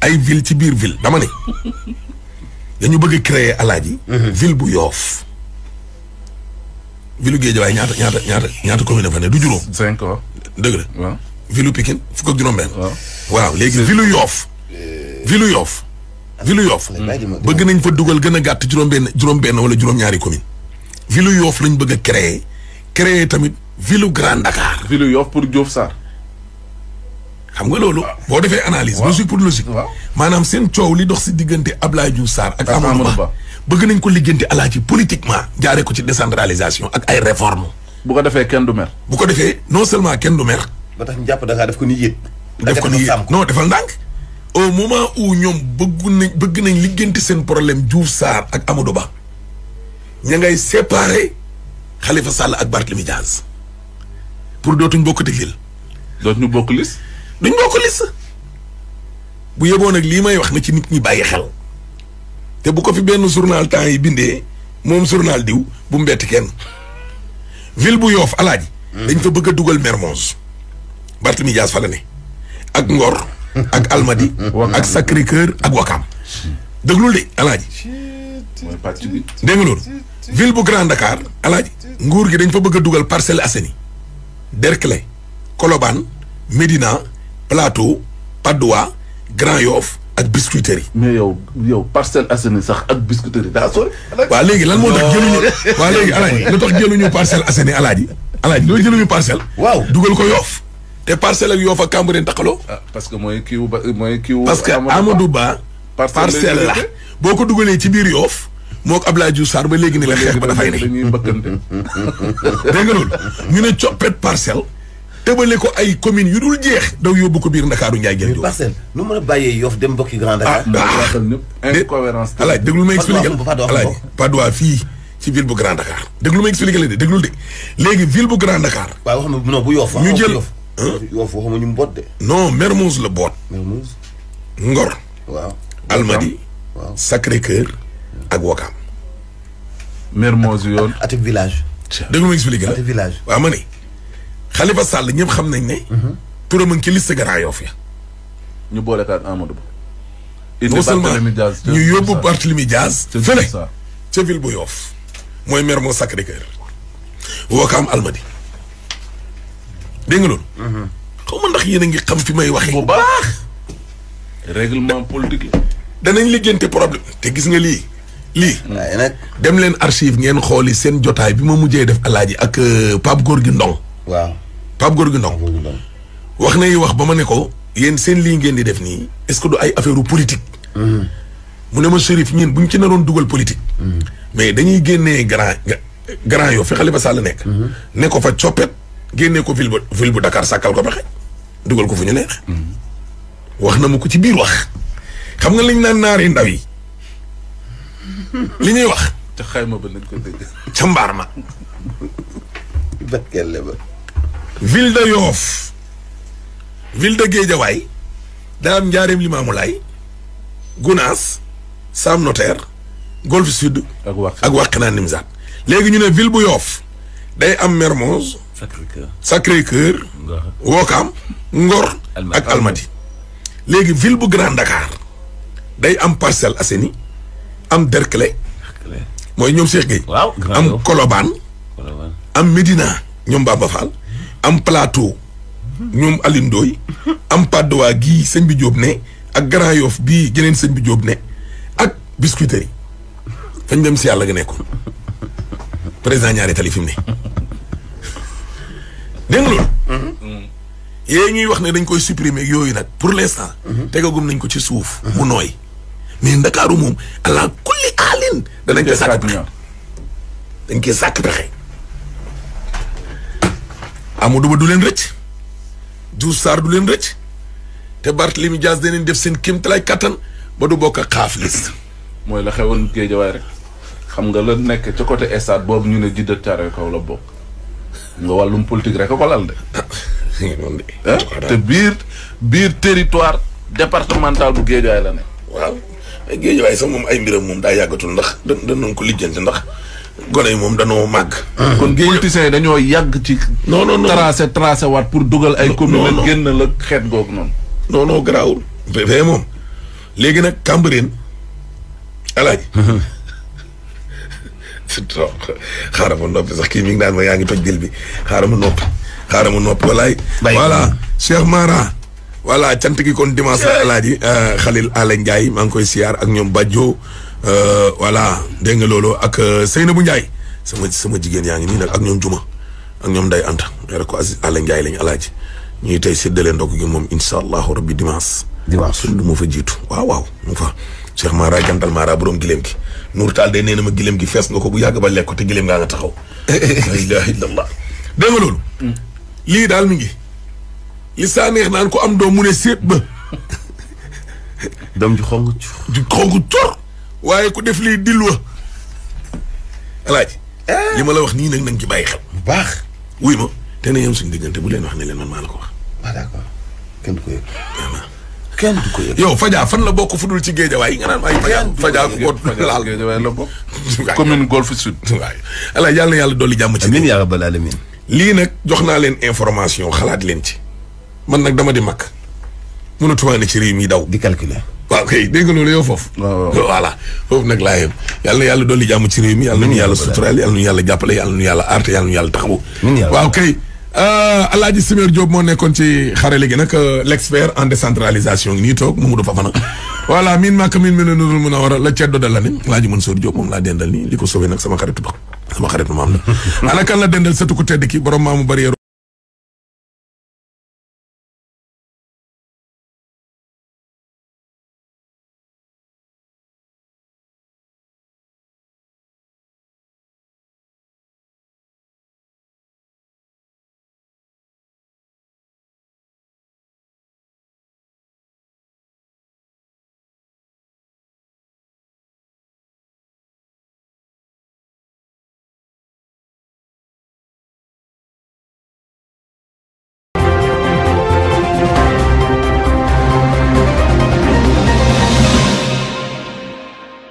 ay ville ci biir ville dama ne dañu bëgg créer alaaji mhm. ville bu yoof ville Guédiawaye ñaata ñaata ñaata ñaata commune dafa ne du juróom. cinq waaw dëgg la. waaw ville Pikine fukk ak juróom-benn. waaw léegi ville yoof. ville yoof. bëgg nañ fa dugal gën a gàtt juróom-benn juróom-benn wala juróom-ñaari commune ville yoof lañu bëgg a créer créer tamit ville Grand Dakar. ville yoof pour xam nga loolu boo defee analyse logique pour logique maanaam seen coow li dox si diggante Ablaye Diouf Sarr ak Amadou Ba bëgg nañ ko liggéente alaaji politiquement jaaree ko ci décentralisation ak ay réforme bu ko defee kenn du mer bu ko defee non seulement kenn du mer ba tax ñu jàpp da ngaa def ko ni yéet def ko ni yéet non defal ndànk au moment où ñoom bëggu nañ bëgg nañ liggéente seen problème Diouf Sarr ak Amadou Ba ña ngay séparé Khalifa sàll ak Barthélémy Dias pour dootuñ bokk te lil dootuñu bokk lis duñ ko liste bu yeboon ak lii may wax na ci nit ñi bàyyi xel te bu ko fi benn journal temps yi bindee moom journal diw bu mbetti kenn ville bu yoof alaaji hmm. dañ fa bëgg a dugal Mermoz Barthélemy Dias ne ak Ngor ak Almadi ak Sacré Cœur ak Wakam déglul de alaaji dégg ville bu Grand Dakar alaaji nguur gi dañ fa bëgg a dugal Parcelles asseni Derklé Colobane Médina plateau Patte d'Oie Grand Yoff ak biscuiterie. mais yow yow Parcelles Assainies sax ak biscuiterie daa sori. waa léegi lan moo tax jëluñu. waa léegi alaaji lu tax jëluñu Parcelles Assainies alaaji. alaaji loo jëluñu parcelle. waaw dugal ko Yoff. te parcelle ak Yoff ak Cambérène taxaloo. Ah, parce que mooy kii wu mooy kii wu. parce que Amadou Ba. parcelle la boo ko dugalee ci biir yoof moo ko Abdoulaye Diouf Sarr ba léegi ni la xeex ba dafay ne. dégg ñu ne coppet parcelle. tëbale ko ay commune yu dul jeex daw yóbbu ko biir Ndakaaru Ndiaye Gueye Diop. parcelle bàyyee Yoff dem bokki Grand Dakar. ah incohérence. alaaj déglu ma expliqué alaaj Padois fii ci ville bu Grand Dakar. déglu ma expliqué la de déglul de léegi ville bu Grand Dakar. wax na non bu Yoff. Ah, ñu jël Yoff waxuma ñu mboot de. non Mermoz la boot. Mermoz. Ngor. waaw Almadi. waaw Sacré Cœur ak Wakam. Mermoz yoon. ati village. ma expliqué la ati ma ne. xale Khalifa sàll ñëpp xam nañ ne. turam a ngi ci liste Grand Yoff ya ñu boole ko ak Amadou Ba. non seulement ñu yóbbu Barthélemy Diaz fële ca ville bu Yoff mooy maire moo Sacré-Cœur Ouakam Almadies dégg nga loolu. xaw ma ndax yéen a ngi xam fi may waxee. bu baax règlement politique la. danañ liggéeyante problème te gis nga lii. lii dem leen archive ngeen xooli seen jotaay bi ma mujjee def alaaji ak euh, Pape gi Ndong waaw Pape Gorgui Ndong wax nay wax ba ma ne ko yéen seen lii ngeen di def nii est-ce que du ay affaire politique mm-hmm. mu ne ma Chérif ñun bu ñu ci naroon dugal politique mm-hmm. mais dañuy génne grand grand yoo fi Khalifa Sall nekk mm-hmm. ne fa coppet génnee ko ville bu bu Dakar sàkkal ko pexe dugal ko fu ñu neex wax na ma ko ci biir wax xam nga liñ naan naari ndaw yi li ñuy wax te xayma ba nañ ko ca mbaar ma ville de Yoff ville de Guédiawaye daa am njaareem Limaamulaay Gunaas Sam Notaire Golf Sud ak Wakhinane Nimzatt léegi ñu ne ville bu yoof day am Mermoz Sacré-Cœur Ouakam Ngor ak Almadies léegi ville bu Grand Dakar day am Parcelles Assainies am Derklé mooy ñoom Cheikh gi am Colobane am Médina ñoom Bamba Fall am plateau ñoom Alioune Ndoye am Patte d'Oie gii sëñ bi jóob ne ak Grand Yoff bii geneen sëñ bi jóob ne ak Biscuiterie fañ dem si àll nga nekkoon président ñaari tali fi mu ne dégg nga mm-hmm. yee ñuy wax ne dañ koy supprimer yooyu nag pour l'instant mm-hmm. tegagum nañ ko ci suuf mm-hmm. mu nooy mais ndakaaru moom ala kulli aalin danañ koy sàkk pexe dañ koy sàkk Amadou Ba du leen rëcc Diouf Sarr du leen rëcc te Barthélemy Dias daneen def seen kéemtalaay kattan ba du bokk ak xaaf liste mooy la xewoon Géejawaay rek xam nga la nekk ca côté estade boobu ñu ne Jidda Thiaroye Kaw la bokk nga wàllum politique rek a ko lal de ah, te biir biir territoire départemental bu Géejawaay la ne waaw Géejawaay sax moom ay mbiram moom daa yàggatul ndax da da noonu ko lijjante ndax gone moom dañoo màgg. kon politiciens yi dañoo yàgg ci. non non non tracé tracé waat pour dugal ay. commune non génn la xeet googu noonu. non non fee moom léegi nag Cambérène alaaj trop xaaral noppi sax kii mi ngi naan yaa ngi toj dil bi xaaral ma noppi xaaral ma noppi walaay. voilà Cheikh Mara. voilà cant gi kon dimanche la alaaji euh, Khalil Alé Ndiaye maa ngi koy siyaar ak ñoom Badjo. Euh, voilà dégg nga loolu ak euh, Seynabou Ndiaye sama sama jigéen yaa ngi nii nag ak ñoom Juma ak ñoom Nday Anta yore ko Aziz Alla Ndiaye lañ alaaji ñuy tey séddale ndokk gi moom incha allahu rabbi dimanche. dimanche lu moo fa jiitu waaw waaw mu fa. Cheikh Mara jantal Mara borom gileem gi Nour Taal de nee na ma gileem gi fees nga ko bu yàgg ba lekk ko te gileem ngaa nga taxaw. la ilaha illallah. dégg loolu. Mm. lii daal mi ngi. li saa neex naan ko am doom mu ne séet doom ju xonk waaye ku def lii dilwa alaaji eh? li ma la wax nii nag na nga ci bàyyi xel. bu baax wuy ma te ne yem suñu diggante bu leen wax ne leen man maa la ko wax. Ah, yow Fadia fan la bokk fu dul ci géejawaay yi nga naan ay. Fadia Fadia laal géejawaay la bokk. commune Golf Sud. waay yàlla dool li jàmm ci. amiin yaa lii nag jox naa leen information xalaat leen ci man nag dama di mag mënatumaa ne ci réew mi daw. di calculer. waaw kay dégg nga loolu yow foofu. waaw foofu nag laa yem. yal na yàlla dolli jàmm ci réew mi yal na nu yàlla suturaal yal na nu yàlla jàppale yal na nu yàlla aarte yal na nu yàlla taxawu. waaw kay. Euh, Alaaji Simeer Diop moo nekkoon ci xarale gi nag euh, l'expert en décentralisation ngi nii toog Mamadou Fafana. voilà miin màkk miin mel ne noonu mën a war a la ceddo dala ne Alaaji Mansour Diop moom laa dendal nii li ko sauvé nag sama xaritu ba sama xaritu maam